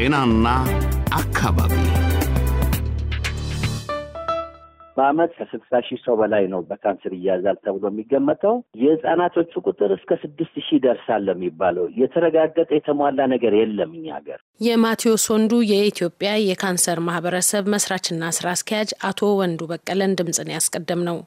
ጤናና አካባቢ በአመት ከስልሳ ሺህ ሰው በላይ ነው በካንሰር ይያዛል ተብሎ የሚገመተው። የህጻናቶቹ ቁጥር እስከ ስድስት ሺህ ይደርሳል የሚባለው የተረጋገጠ የተሟላ ነገር የለም እኛ ሀገር። የማቴዎስ ወንዱ የኢትዮጵያ የካንሰር ማህበረሰብ መስራችና ስራ አስኪያጅ አቶ ወንዱ በቀለን ድምፅን ያስቀደም ነው።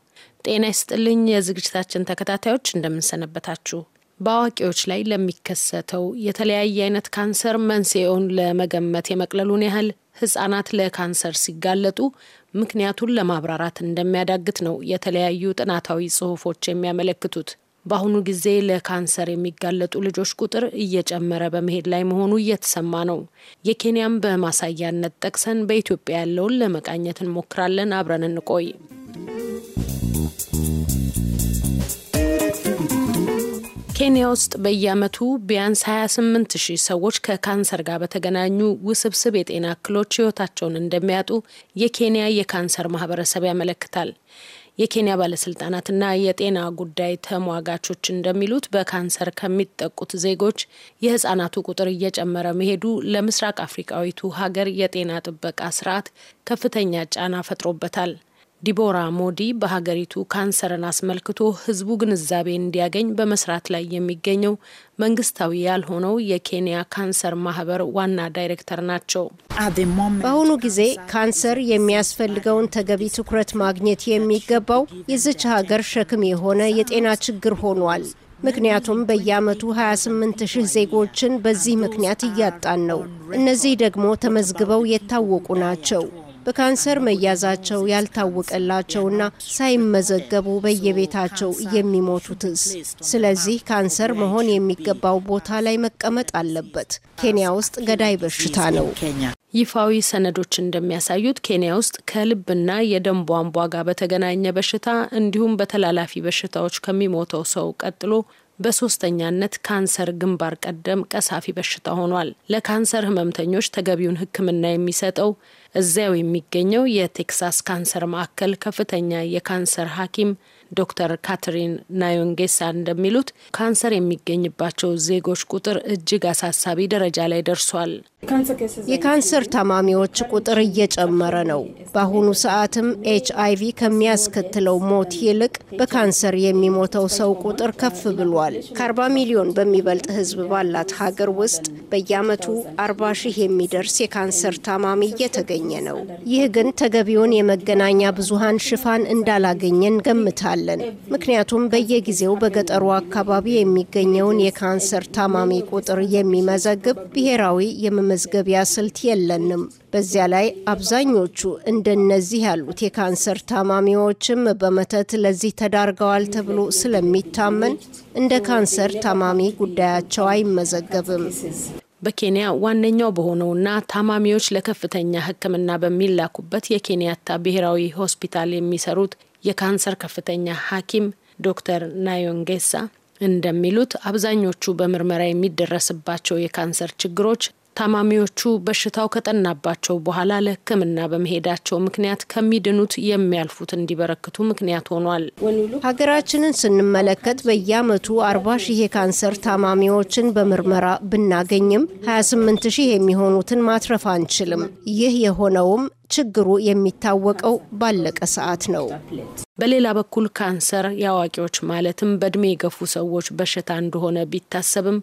ጤና ይስጥልኝ የዝግጅታችን ተከታታዮች እንደምንሰነበታችሁ። በአዋቂዎች ላይ ለሚከሰተው የተለያየ አይነት ካንሰር መንስኤውን ለመገመት የመቅለሉን ያህል ህጻናት ለካንሰር ሲጋለጡ ምክንያቱን ለማብራራት እንደሚያዳግት ነው የተለያዩ ጥናታዊ ጽሁፎች የሚያመለክቱት። በአሁኑ ጊዜ ለካንሰር የሚጋለጡ ልጆች ቁጥር እየጨመረ በመሄድ ላይ መሆኑ እየተሰማ ነው። የኬንያም በማሳያነት ጠቅሰን በኢትዮጵያ ያለውን ለመቃኘት እንሞክራለን። አብረን እንቆይ። ኬንያ ውስጥ በየዓመቱ ቢያንስ 28 ሺህ ሰዎች ከካንሰር ጋር በተገናኙ ውስብስብ የጤና እክሎች ሕይወታቸውን እንደሚያጡ የኬንያ የካንሰር ማህበረሰብ ያመለክታል። የኬንያ ባለስልጣናትና የጤና ጉዳይ ተሟጋቾች እንደሚሉት በካንሰር ከሚጠቁት ዜጎች የህጻናቱ ቁጥር እየጨመረ መሄዱ ለምስራቅ አፍሪካዊቱ ሀገር የጤና ጥበቃ ስርዓት ከፍተኛ ጫና ፈጥሮበታል። ዲቦራ ሞዲ በሀገሪቱ ካንሰርን አስመልክቶ ህዝቡ ግንዛቤ እንዲያገኝ በመስራት ላይ የሚገኘው መንግስታዊ ያልሆነው የኬንያ ካንሰር ማህበር ዋና ዳይሬክተር ናቸው። በአሁኑ ጊዜ ካንሰር የሚያስፈልገውን ተገቢ ትኩረት ማግኘት የሚገባው የዚች ሀገር ሸክም የሆነ የጤና ችግር ሆኗል። ምክንያቱም በየዓመቱ 28 ሺህ ዜጎችን በዚህ ምክንያት እያጣን ነው። እነዚህ ደግሞ ተመዝግበው የታወቁ ናቸው። በካንሰር መያዛቸው ያልታወቀላቸውና ሳይመዘገቡ በየቤታቸው የሚሞቱትስ? ስለዚህ ካንሰር መሆን የሚገባው ቦታ ላይ መቀመጥ አለበት። ኬንያ ውስጥ ገዳይ በሽታ ነው። ይፋዊ ሰነዶች እንደሚያሳዩት ኬንያ ውስጥ ከልብና የደም ቧንቧ ጋር በተገናኘ በሽታ እንዲሁም በተላላፊ በሽታዎች ከሚሞተው ሰው ቀጥሎ በሶስተኛነት ካንሰር ግንባር ቀደም ቀሳፊ በሽታ ሆኗል። ለካንሰር ህመምተኞች ተገቢውን ሕክምና የሚሰጠው እዚያው የሚገኘው የቴክሳስ ካንሰር ማዕከል ከፍተኛ የካንሰር ሐኪም ዶክተር ካትሪን ናዮንጌሳ እንደሚሉት ካንሰር የሚገኝባቸው ዜጎች ቁጥር እጅግ አሳሳቢ ደረጃ ላይ ደርሷል። የካንሰር ታማሚዎች ቁጥር እየጨመረ ነው። በአሁኑ ሰዓትም ኤች አይቪ ከሚያስከትለው ሞት ይልቅ በካንሰር የሚሞተው ሰው ቁጥር ከፍ ብሏል። ከ40 ሚሊዮን በሚበልጥ ሕዝብ ባላት ሀገር ውስጥ በየዓመቱ 40 ሺህ የሚደርስ የካንሰር ታማሚ እየተገኘ ያገኘ ነው። ይህ ግን ተገቢውን የመገናኛ ብዙሃን ሽፋን እንዳላገኘን ገምታለን። ምክንያቱም በየጊዜው በገጠሩ አካባቢ የሚገኘውን የካንሰር ታማሚ ቁጥር የሚመዘግብ ብሔራዊ የመመዝገቢያ ስልት የለንም። በዚያ ላይ አብዛኞቹ እንደነዚህ ያሉት የካንሰር ታማሚዎችም በመተት ለዚህ ተዳርገዋል ተብሎ ስለሚታመን እንደ ካንሰር ታማሚ ጉዳያቸው አይመዘገብም። በኬንያ ዋነኛው በሆነውና ታማሚዎች ለከፍተኛ ሕክምና በሚላኩበት የኬንያታ ብሔራዊ ሆስፒታል የሚሰሩት የካንሰር ከፍተኛ ሐኪም ዶክተር ናዮንጌሳ እንደሚሉት አብዛኞቹ በምርመራ የሚደረስባቸው የካንሰር ችግሮች ታማሚዎቹ በሽታው ከጠናባቸው በኋላ ለሕክምና በመሄዳቸው ምክንያት ከሚድኑት የሚያልፉት እንዲበረክቱ ምክንያት ሆኗል። ሀገራችንን ስንመለከት በየአመቱ አርባ ሺህ የካንሰር ታማሚዎችን በምርመራ ብናገኝም 28 ሺህ የሚሆኑትን ማትረፍ አንችልም። ይህ የሆነውም ችግሩ የሚታወቀው ባለቀ ሰዓት ነው። በሌላ በኩል ካንሰር የአዋቂዎች ማለትም በእድሜ የገፉ ሰዎች በሽታ እንደሆነ ቢታሰብም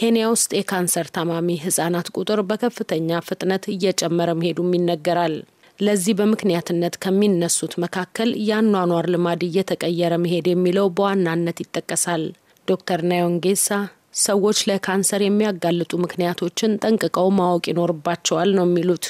ኬንያ ውስጥ የካንሰር ታማሚ ህጻናት ቁጥር በከፍተኛ ፍጥነት እየጨመረ መሄዱም ይነገራል። ለዚህ በምክንያትነት ከሚነሱት መካከል የአኗኗር ልማድ እየተቀየረ መሄድ የሚለው በዋናነት ይጠቀሳል። ዶክተር ናዮንጌሳ ሰዎች ለካንሰር የሚያጋልጡ ምክንያቶችን ጠንቅቀው ማወቅ ይኖርባቸዋል ነው የሚሉት።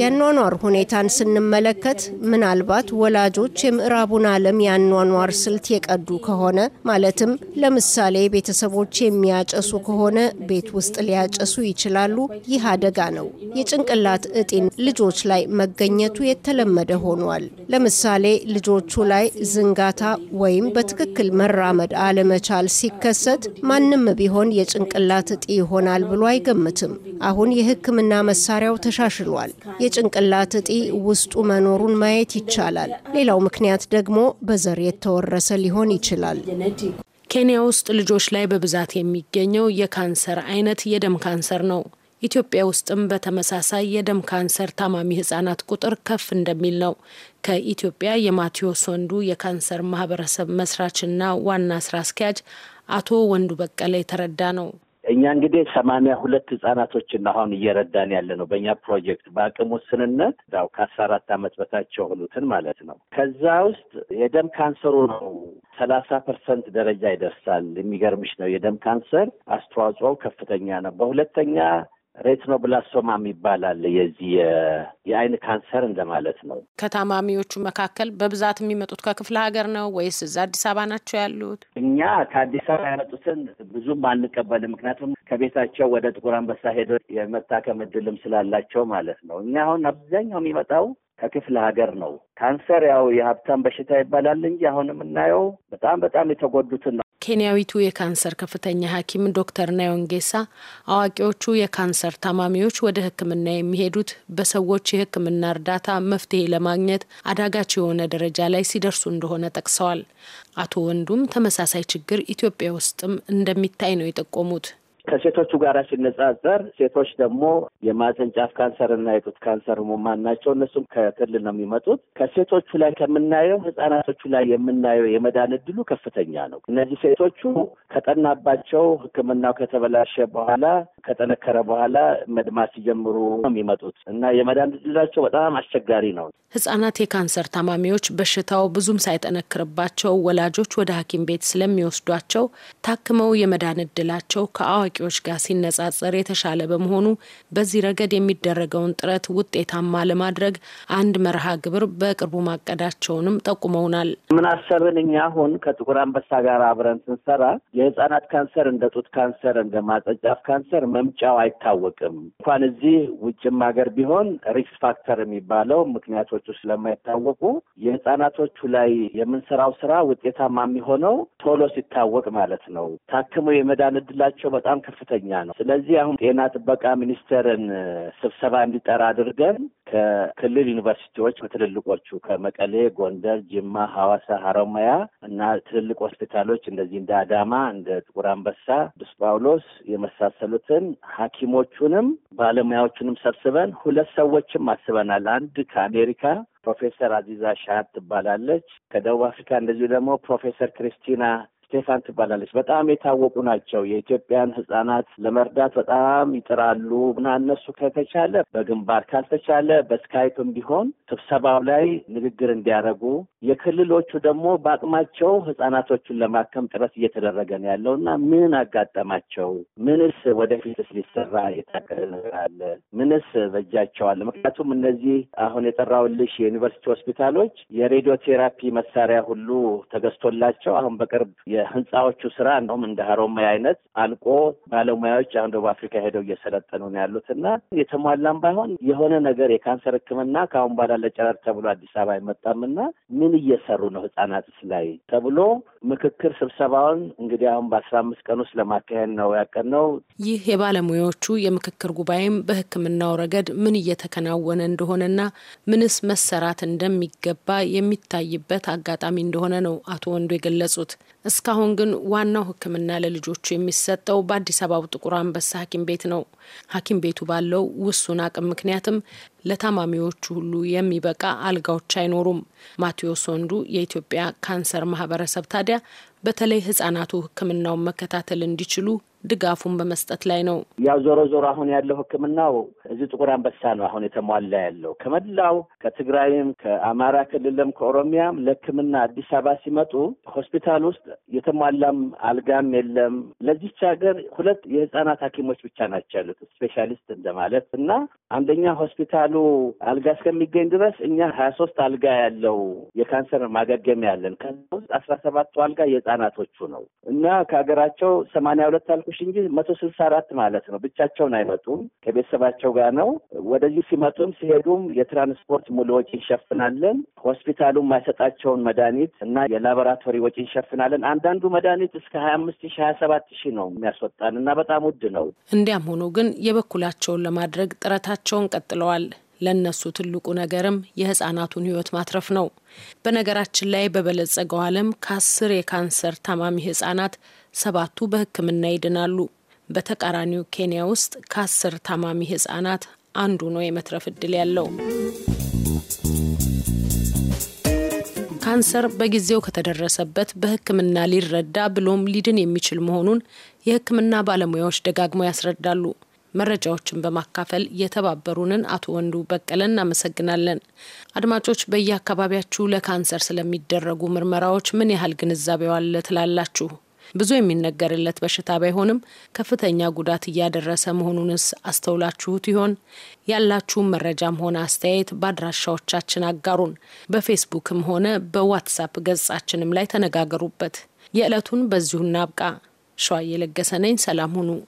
የኗኗር ሁኔታን ስንመለከት ምናልባት ወላጆች የምዕራቡን ዓለም የአኗኗር ስልት የቀዱ ከሆነ ማለትም ለምሳሌ ቤተሰቦች የሚያጨሱ ከሆነ ቤት ውስጥ ሊያጨሱ ይችላሉ። ይህ አደጋ ነው። የጭንቅላት እጢን ልጆች ላይ መገኘቱ የተለመደ ሆኗል። ለምሳሌ ልጆቹ ላይ ዝንጋታ ወይም በትክክል መራመድ አለመቻል ሲከሰት ማንም ቢሆን የጭንቅላት እጢ ይሆናል ብሎ አይገምትም። አሁን የሕክምና መሳሪያው ተሻሽሏል። የጭንቅላት እጢ ውስጡ መኖሩን ማየት ይቻላል። ሌላው ምክንያት ደግሞ በዘር የተወረሰ ሊሆን ይችላል። ኬንያ ውስጥ ልጆች ላይ በብዛት የሚገኘው የካንሰር አይነት የደም ካንሰር ነው። ኢትዮጵያ ውስጥም በተመሳሳይ የደም ካንሰር ታማሚ ህጻናት ቁጥር ከፍ እንደሚል ነው ከኢትዮጵያ የማቴዎስ ወንዱ የካንሰር ማህበረሰብ መስራችና ዋና ስራ አስኪያጅ አቶ ወንዱ በቀለ የተረዳ ነው። እኛ እንግዲህ ሰማንያ ሁለት ህጻናቶችን አሁን እየረዳን ያለ ነው በእኛ ፕሮጀክት በአቅም ውስንነት ው ከአስራ አራት አመት በታች የሆኑትን ማለት ነው። ከዛ ውስጥ የደም ካንሰሩ ነው ሰላሳ ፐርሰንት ደረጃ ይደርሳል። የሚገርምሽ ነው የደም ካንሰር አስተዋጽኦው ከፍተኛ ነው። በሁለተኛ ሬትኖብላሶማም ይባላል። የዚህ የአይን ካንሰር እንደማለት ነው። ከታማሚዎቹ መካከል በብዛት የሚመጡት ከክፍለ ሀገር ነው ወይስ እዛ አዲስ አበባ ናቸው ያሉት? እኛ ከአዲስ አበባ ያመጡትን ብዙም አንቀበልም። ምክንያቱም ከቤታቸው ወደ ጥቁር አንበሳ ሄዶ የመታከም እድልም ስላላቸው ማለት ነው። እኛ አሁን አብዛኛው የሚመጣው ከክፍለ ሀገር ነው። ካንሰር ያው የሀብታም በሽታ ይባላል እንጂ አሁን የምናየው በጣም በጣም የተጎዱትን ኬንያዊቱ የካንሰር ከፍተኛ ሐኪም ዶክተር ናዮንጌሳ አዋቂዎቹ የካንሰር ታማሚዎች ወደ ሕክምና የሚሄዱት በሰዎች የሕክምና እርዳታ መፍትሄ ለማግኘት አዳጋች የሆነ ደረጃ ላይ ሲደርሱ እንደሆነ ጠቅሰዋል። አቶ ወንዱም ተመሳሳይ ችግር ኢትዮጵያ ውስጥም እንደሚታይ ነው የጠቆሙት። ከሴቶቹ ጋር ሲነጻጸር ሴቶች ደግሞ የማህፀን ጫፍ ካንሰር እና የጡት ካንሰር ህሙማን ናቸው። እነሱም ከክልል ነው የሚመጡት። ከሴቶቹ ላይ ከምናየው ህጻናቶቹ ላይ የምናየው የመዳን እድሉ ከፍተኛ ነው። እነዚህ ሴቶቹ ከጠናባቸው ሕክምናው ከተበላሸ በኋላ ከጠነከረ በኋላ መድማት ሲጀምሩ ነው የሚመጡት እና የመዳን እድላቸው በጣም አስቸጋሪ ነው። ህጻናት የካንሰር ታማሚዎች በሽታው ብዙም ሳይጠነክርባቸው ወላጆች ወደ ሐኪም ቤት ስለሚወስዷቸው ታክመው የመዳን እድላቸው ከአዋ ጥያቄዎች ጋር ሲነጻጸር የተሻለ በመሆኑ በዚህ ረገድ የሚደረገውን ጥረት ውጤታማ ለማድረግ አንድ መርሃ ግብር በቅርቡ ማቀዳቸውንም ጠቁመውናል። ምን አሰብን እኛ አሁን ከጥቁር አንበሳ ጋር አብረን ስንሰራ የህጻናት ካንሰር እንደ ጡት ካንሰር፣ እንደ ማጸጫፍ ካንሰር መምጫው አይታወቅም። እንኳን እዚህ ውጭም ሀገር ቢሆን ሪክስ ፋክተር የሚባለው ምክንያቶቹ ስለማይታወቁ የህጻናቶቹ ላይ የምንሰራው ስራ ውጤታማ የሚሆነው ቶሎ ሲታወቅ ማለት ነው። ታክመው የመዳን እድላቸው በጣም ከፍተኛ ነው። ስለዚህ አሁን ጤና ጥበቃ ሚኒስቴርን ስብሰባ እንዲጠራ አድርገን ከክልል ዩኒቨርሲቲዎች ከትልልቆቹ ከመቀሌ፣ ጎንደር፣ ጅማ፣ ሐዋሳ፣ ሐረማያ እና ትልልቅ ሆስፒታሎች እንደዚህ እንደ አዳማ፣ እንደ ጥቁር አንበሳ፣ ቅዱስ ጳውሎስ የመሳሰሉትን ሐኪሞቹንም ባለሙያዎቹንም ሰብስበን ሁለት ሰዎችም አስበናል። አንድ ከአሜሪካ ፕሮፌሰር አዚዛ ሻህ ትባላለች። ከደቡብ አፍሪካ እንደዚሁ ደግሞ ፕሮፌሰር ክሪስቲና ስቴፋን ትባላለች። በጣም የታወቁ ናቸው። የኢትዮጵያን ህጻናት ለመርዳት በጣም ይጥራሉ እና እነሱ ከተቻለ በግንባር ካልተቻለ በስካይፕም ቢሆን ስብሰባው ላይ ንግግር እንዲያደርጉ፣ የክልሎቹ ደግሞ በአቅማቸው ህጻናቶቹን ለማከም ጥረት እየተደረገ ነው ያለው እና ምን አጋጠማቸው? ምንስ ወደፊትስ ሊሰራ የታቀደ ነገር አለ? ምንስ በእጃቸው አለ? ምክንያቱም እነዚህ አሁን የጠራውልሽ የዩኒቨርሲቲ ሆስፒታሎች የሬዲዮ ቴራፒ መሳሪያ ሁሉ ተገዝቶላቸው አሁን በቅርብ የህንፃዎቹ ስራ እንደውም እንደ ሀሮማያ አይነት አልቆ ባለሙያዎች አሁን ደቡብ አፍሪካ ሄደው እየሰለጠኑ ነው ያሉት እና የተሟላም ባይሆን የሆነ ነገር የካንሰር ህክምና ከአሁን በኋላ ለጨረር ተብሎ አዲስ አበባ አይመጣም እና ምን እየሰሩ ነው ህጻናትስ ላይ ተብሎ ምክክር ስብሰባውን እንግዲህ አሁን በአስራ አምስት ቀን ውስጥ ለማካሄድ ነው ያቀን ነው። ይህ የባለሙያዎቹ የምክክር ጉባኤም በህክምናው ረገድ ምን እየተከናወነ እንደሆነና ምንስ መሰራት እንደሚገባ የሚታይበት አጋጣሚ እንደሆነ ነው አቶ ወንዶ የገለጹት። እስካሁን ግን ዋናው ሕክምና ለልጆቹ የሚሰጠው በአዲስ አበባው ጥቁር አንበሳ ሐኪም ቤት ነው። ሐኪም ቤቱ ባለው ውሱን አቅም ምክንያትም ለታማሚዎቹ ሁሉ የሚበቃ አልጋዎች አይኖሩም። ማቴዎስ ወንዱ የኢትዮጵያ ካንሰር ማህበረሰብ ታዲያ በተለይ ህጻናቱ ሕክምናውን መከታተል እንዲችሉ ድጋፉን በመስጠት ላይ ነው። ያው ዞሮ ዞሮ አሁን ያለው ሕክምናው እዚህ ጥቁር አንበሳ ነው አሁን የተሟላ ያለው ከመላው ከትግራይም ከአማራ ክልልም ከኦሮሚያም ለሕክምና አዲስ አበባ ሲመጡ ሆስፒታል ውስጥ የተሟላም አልጋም የለም። ለዚች ሀገር ሁለት የህፃናት ሐኪሞች ብቻ ናቸው ያሉት ስፔሻሊስት እንደማለት እና አንደኛ ሆስፒታሉ አልጋ እስከሚገኝ ድረስ እኛ ሀያ ሶስት አልጋ ያለው የካንሰር ማገገሚያ ያለን ከዚ ውስጥ አስራ ሰባቱ አልጋ የህፃናቶቹ ነው እና ከሀገራቸው ሰማንያ ሁለት አልኩ ሺ እንጂ መቶ ስልሳ አራት ማለት ነው። ብቻቸውን አይመጡም፣ ከቤተሰባቸው ጋር ነው። ወደዚህ ሲመጡም ሲሄዱም የትራንስፖርት ሙሉ ወጪ እንሸፍናለን። ሆስፒታሉ የማይሰጣቸውን መድኃኒት እና የላቦራቶሪ ወጪ እንሸፍናለን። አንዳንዱ መድኃኒት እስከ ሀያ አምስት ሺ ሀያ ሰባት ሺ ነው የሚያስወጣን እና በጣም ውድ ነው። እንዲያም ሆኖ ግን የበኩላቸውን ለማድረግ ጥረታቸውን ቀጥለዋል። ለእነሱ ትልቁ ነገርም የህፃናቱን ህይወት ማትረፍ ነው። በነገራችን ላይ በበለጸገው ዓለም ከአስር የካንሰር ታማሚ ህጻናት ሰባቱ በህክምና ይድናሉ። በተቃራኒው ኬንያ ውስጥ ከአስር ታማሚ ህጻናት አንዱ ነው የመትረፍ እድል ያለው። ካንሰር በጊዜው ከተደረሰበት በህክምና ሊረዳ ብሎም ሊድን የሚችል መሆኑን የህክምና ባለሙያዎች ደጋግመው ያስረዳሉ። መረጃዎችን በማካፈል የተባበሩንን አቶ ወንዱ በቀለ እናመሰግናለን። አድማጮች በየአካባቢያችሁ ለካንሰር ስለሚደረጉ ምርመራዎች ምን ያህል ግንዛቤው አለ ትላላችሁ? ብዙ የሚነገርለት በሽታ ባይሆንም ከፍተኛ ጉዳት እያደረሰ መሆኑንስ አስተውላችሁት ይሆን? ያላችሁን መረጃም ሆነ አስተያየት በአድራሻዎቻችን አጋሩን። በፌስቡክም ሆነ በዋትሳፕ ገጻችንም ላይ ተነጋገሩበት። የዕለቱን በዚሁ እናብቃ። ሸዋ እየለገሰነኝ ነኝ። ሰላም ሁኑ።